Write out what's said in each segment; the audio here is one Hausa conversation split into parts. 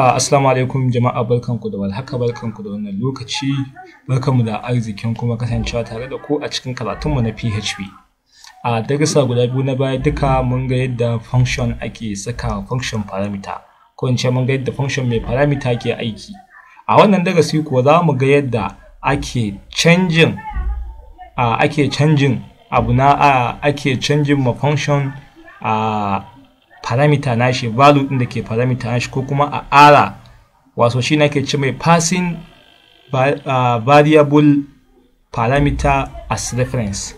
Ah, assalamu alaikum jama'a barkanku da barkan barkanku da wannan lokaci mu da arzikin kuma kasancewa tare da ku a cikin karatunmu na PHP. A ah, darasa guda biyu na baya duka mun ga yadda function ake saka function parameter ko in ce mun ga yadda function mai parameter ke aiki. A wannan darasi kuwa za mu ga yadda ake canjin ah, ake changing abu na ake changing ma function a parameter nashi value din da ke parameter nashi ko kuma a ara wato shi nake ce mai passing variable parameter as reference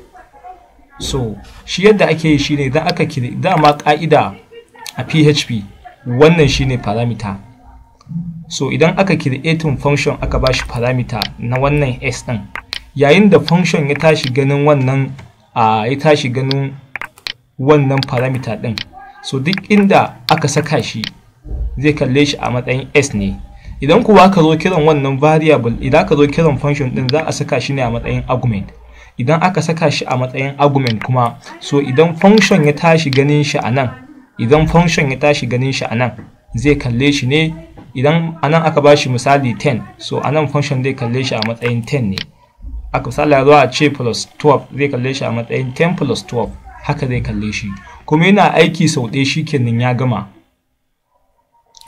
so shi yadda ake yi shine idan aka kire dama ka'ida a php wannan shine parameter so idan aka creating function aka bashi parameter na wannan s din yayin da function ya tashi ganin wannan a ya tashi ganin wannan parameter din so duk inda aka saka shi zai kalle shi a matsayin s ne idan kuwa ka zo kiran wannan variable idan ka zo kiran function din za a saka shi ne a matsayin argument idan aka saka shi a matsayin argument kuma so idan function ya tashi ganin shi a nan idan function ya tashi ganin shi anan, nan zai kalle shi ne idan anan aka ba shi misali 10 so anan nan function zai kalle shi a matsayin 10 ne aka misali ya zo a ce plus 12 zai kalle shi a matsayin 10 plus 12 haka zai kalle shi kuma yana aiki sau ɗaya shi kenan ya gama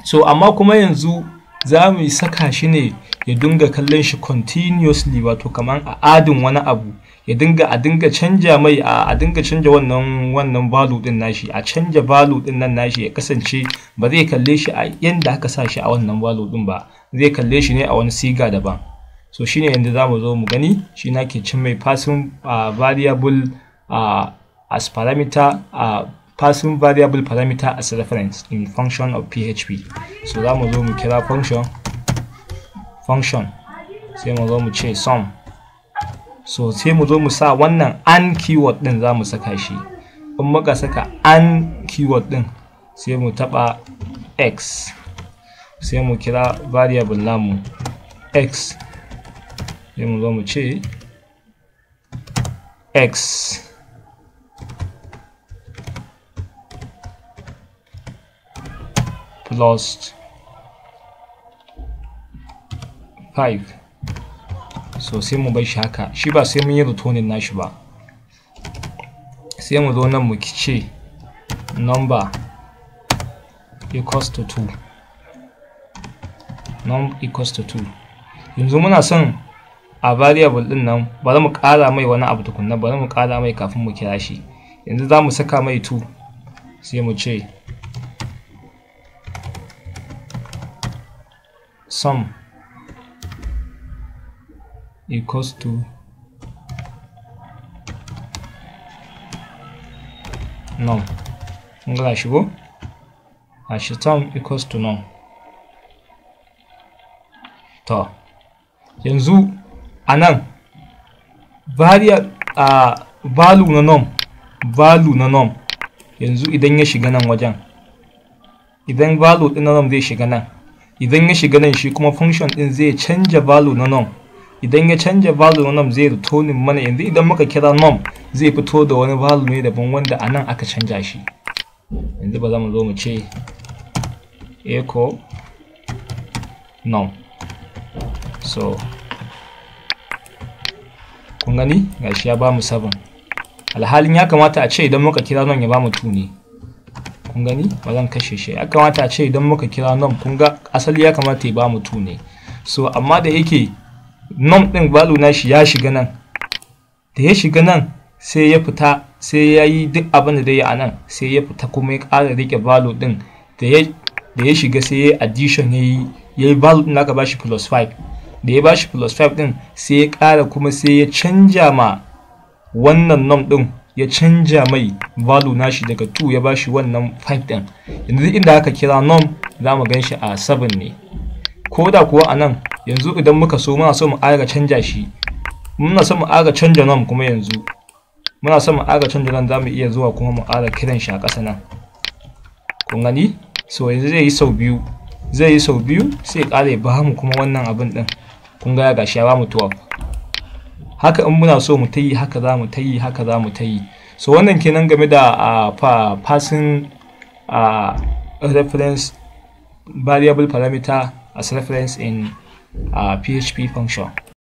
so amma kuma yanzu za mu saka shi ne ya dinga kallon shi continuously wato kamar a adin wani abu ya dinga a dinga canja mai a dinga canja wannan wannan balu din nashi a canja balu din nan nashi ya kasance ba zai kalle shi a yanda aka sa shi a wannan balu din ba zai kalle shi ne a wani siga daban so shine yanda za mu zo mu gani shi na ke cin mai fasin variable a as parameter uh, passing variable parameter as reference in function of php so za mu zo mu kira function function sai mu zo mu ce sum so sai mu zo mu sa wannan an keyword din za mu saka shi in muka saka an keyword din sai mu taba x sai mu kira variable namu x sai mu zo mu ce x lost five so sai mu bar shi haka shi ba sai mun yi returning nashi ba sai mu zo nan mu kice number equals to two num equals to two yanzu muna son a variable din nan bari mu ƙara mai wani abu tukunna bari mu ƙara mai kafin mu kira shi yanzu za mu saka mai two sai mu ce sum equals to num ngla shibo shi shi sum equals to num to yanzu a nan a value na num value na num yanzu idan ya shiga nan wajen idan value din na num zai shiga nan idan ya shiga nan shi kuma function din zai canja value na num idan ya canja value na num zai ne mana yanzu idan muka kira num zai fito da wani value ne daban wanda anan aka canja shi yanzu ba za mu zo mu ce echo num so kun gani gashi ya bamu 7 alhalin ya kamata a ce idan muka kira num ya bamu 2 ne kun gani ba zan kashe shi ya kamata a ce idan muka kira nom kun ga asali ya kamata ya ba mutu ne so amma da yake nom din value na shi ya shiga nan da ya shiga nan sai ya fita sai ya yi duk abin da zai yi a sai ya fita kuma ya ƙara rike value din da ya da ya shiga sai ya yi addition ya yi ya yi value din aka shi plus 5 da ya ba shi plus 5 din sai ya ƙara kuma sai ya canja ma wannan nom din ya canja mai value nashi daga 2 ya bashi wannan 5 din yanzu inda aka kira num za mu ganshi a 7 ne ko da kuwa a nan yanzu idan muka so muna so mu ara canja shi muna so mu ƙara canja num kuma yanzu muna so mu ƙara canja nan za mu iya zuwa kuma mu ara kiran shi a ƙasa nan kun gani so yanzu zai yi sau biyu zai yi sau biyu sai ya ƙara ya ba mu kuma wannan abin din kun ga ya gashi ya ba mu 12 haka in muna so mu ta yi haka za mu ta yi haka za mu ta yi so wannan kenan game da a passing a reference variable parameter as reference in a php function